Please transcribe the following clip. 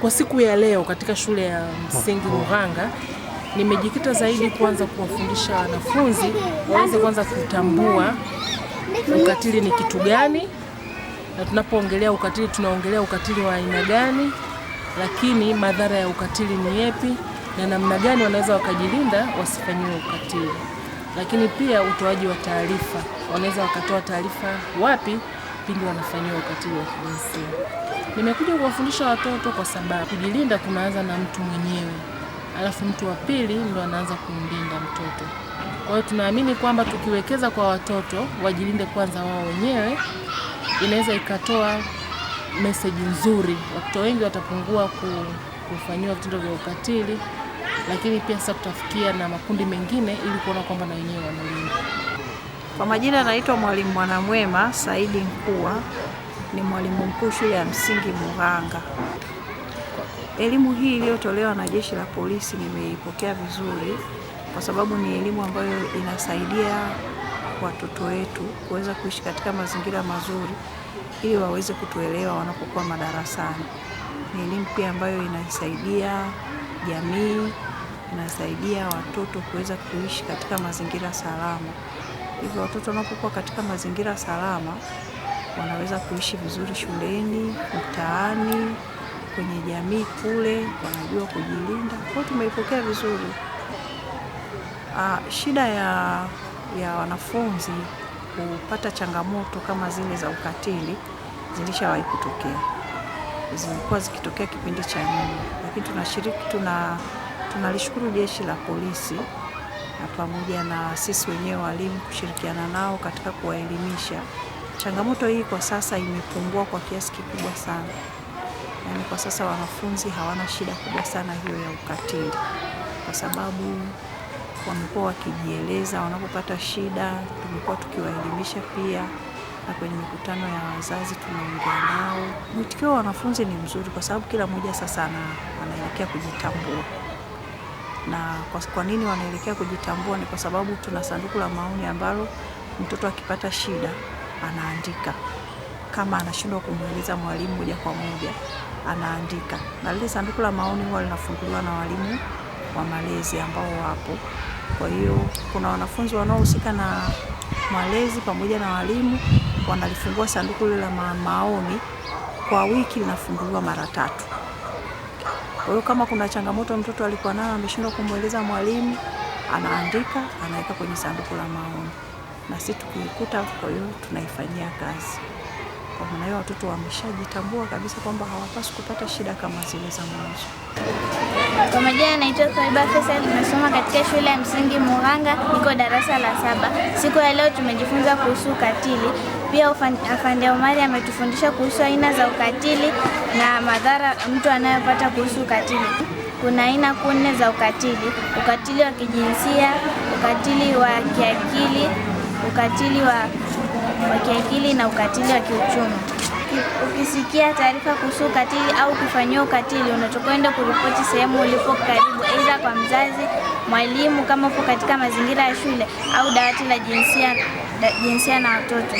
Kwa siku ya leo katika shule ya msingi Ruhanga nimejikita zaidi kuanza kuwafundisha wanafunzi waweze kwanza kutambua ukatili ni kitu gani, na tunapoongelea ukatili tunaongelea ukatili wa aina gani, lakini madhara ya ukatili ni yapi na namna gani wanaweza wakajilinda wasifanyiwe ukatili. Lakini pia utoaji wa taarifa, wanaweza wakatoa taarifa wapi pindi wanafanyiwa ukatili wa kijinsia. Nimekuja kuwafundisha watoto kwa sababu kujilinda kunaanza na mtu mwenyewe, alafu mtu wa pili ndo anaanza kumlinda mtoto. Kwa hiyo tunaamini kwamba tukiwekeza kwa watoto wajilinde kwanza wao wenyewe, inaweza ikatoa meseji nzuri. Watoto wengi watapungua kufanyiwa vitendo vya ukatili, lakini pia sasa tutafikia na makundi mengine ili kuona kwamba na wenyewe wanalinda. Kwa majina naitwa Mwalimu Mwanamwema Saidi mkua ni mwalimu mkuu shule ya msingi muranga Elimu hii iliyotolewa na Jeshi la Polisi nimeipokea vizuri, kwa sababu ni elimu ambayo inasaidia watoto wetu kuweza kuishi katika mazingira mazuri ili waweze kutuelewa wanapokuwa madarasani. Ni elimu pia ambayo inasaidia jamii, inasaidia watoto kuweza kuishi katika mazingira salama. Hivyo watoto wanapokuwa katika mazingira salama, wanaweza kuishi vizuri shuleni, mtaani, kwenye jamii kule, wanajua kujilinda. Kwa tumeipokea vizuri. Ah, shida ya, ya wanafunzi kupata changamoto kama zile za ukatili zilishawahi kutokea, zilikuwa zikitokea kipindi cha nyuma, lakini tunashiriki tuna tunalishukuru jeshi la polisi na pamoja na sisi wenyewe walimu kushirikiana nao katika kuwaelimisha. Changamoto hii kwa sasa imepungua kwa kiasi kikubwa sana, yaani kwa sasa wanafunzi hawana shida kubwa sana hiyo ya ukatili, kwa sababu wamekuwa wakijieleza wanapopata shida, tumekuwa tukiwaelimisha pia na kwenye mikutano ya wazazi tunaongea nao. Mwitikio wa wanafunzi ni mzuri, kwa sababu kila mmoja sasa anaelekea kujitambua na kwa, kwa nini wanaelekea kujitambua ni kwa sababu tuna sanduku la maoni ambalo mtoto akipata shida anaandika, kama anashindwa kumweleza mwalimu moja kwa moja anaandika, na lile sanduku la maoni huwa linafunguliwa na walimu wa malezi ambao wapo. Kwa hiyo kuna wanafunzi wanaohusika na malezi pamoja na walimu wanalifungua sanduku lile la ma maoni, kwa wiki linafunguliwa mara tatu. Kwa hiyo kama kuna changamoto mtoto alikuwa nayo ameshindwa kumweleza mwalimu, anaandika anaweka kwenye sanduku la maombi, na sisi tukiikuta, kwa hiyo tunaifanyia kazi. Kwa maana hiyo watoto wameshajitambua kabisa kwamba hawapaswi kupata shida kama zile za mwanzo. Kwa majina naitwa Kaiba Fesa, nimesoma katika shule ya msingi Muranga, niko darasa la saba. Siku ya leo tumejifunza kuhusu ukatili. Pia afande Omari ametufundisha kuhusu aina za ukatili na madhara mtu anayopata kuhusu ukatili. Kuna aina nne za ukatili: ukatili wa kijinsia, ukatili wa kiakili, ukatili wa, wa kiakili na ukatili wa kiuchumi. Ukisikia taarifa kuhusu ukatili au kufanyiwa ukatili, unachokwenda kuripoti sehemu ulipo karibu, aidha kwa mzazi, mwalimu kama upo katika mazingira ya shule, au dawati la jinsia, da, jinsia na watoto.